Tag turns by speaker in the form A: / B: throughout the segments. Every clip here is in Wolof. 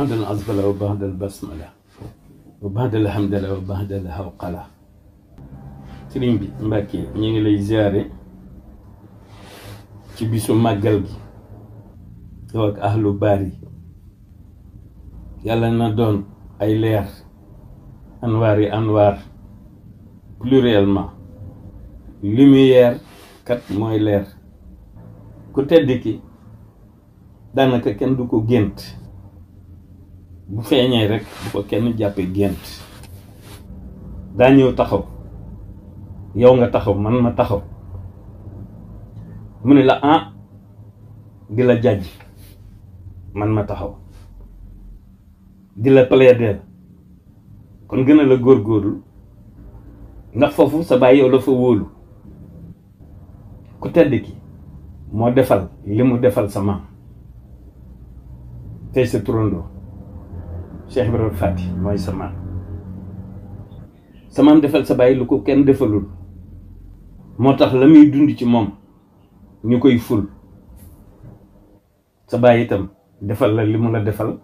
A: بعد العزبلة وبعد البسملة وبعد الحمدلة وبعد kala sëriñ bi Mbàkke ñu ngi lay ziyaare ci bisu màggal gi yow ak ahlu baari yàlla na doon ay leer anwaar yi anwaar pluriellement lumière kat mooy leer ku tedd ki daanaka kenn du ko gént bu feeñee rek bu ko kenn jàppee gént daa ñëw taxaw yow nga taxaw man ma taxaw mu ne la ah di la jàjj man ma taxaw di la plaider kon gën a la góorgóorlu ndax foofu sa bàyyi yow la fa wóolu ku tedd ki moo defal li mu defal sa maam tey sa turandoo Cheikh Ibrahima Fati mooy sa maam sa defal sa bàyyi lu ko kenn defalul moo tax la muy dund ci moom ñu koy ful sa bàyyi itam defal la li mu la defal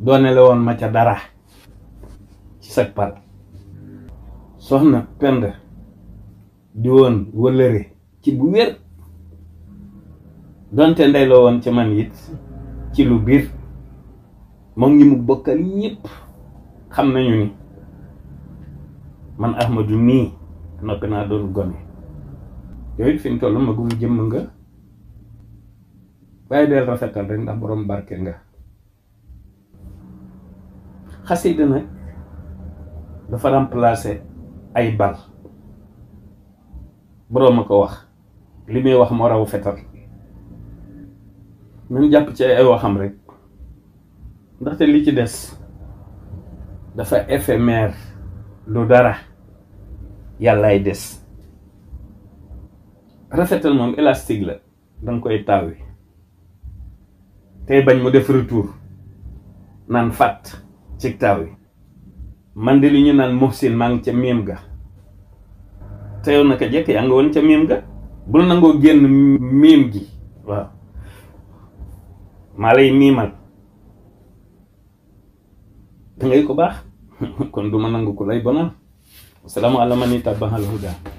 A: doone woon ma ca dara ci sag pal soxna pend di woon wëllëre ci bu wér donte ndey woon ca man it ci lu biir moom ñi mu bokkal ñëpp xam nañu ni man Ahmadou mii noppi naa doon gone yooyu fi ñu toll magum jëmm nga waaye del rafetal rek ndax boroom barke nga xasida nag dafa remplacer ay bal boroom a ko wax li muy wax moo raw fetal nañ jàpp ci ay waxam rek ndaxte li ci des dafa éphémère lu dara yàllaay des rafetal moom élastique la danga koy taawi tey bañ mu def retour naan fàtt ci taawi man de li ñu naan Muhsin maa ca miim ga teyoon yow naka jekk yaa nga woon ca miim ga bul nangoo génn miim gi waaw maa lay miimal da ngay ko baax kon du ma nangu ko lay bonal wassalaamu ala man ittabaal huda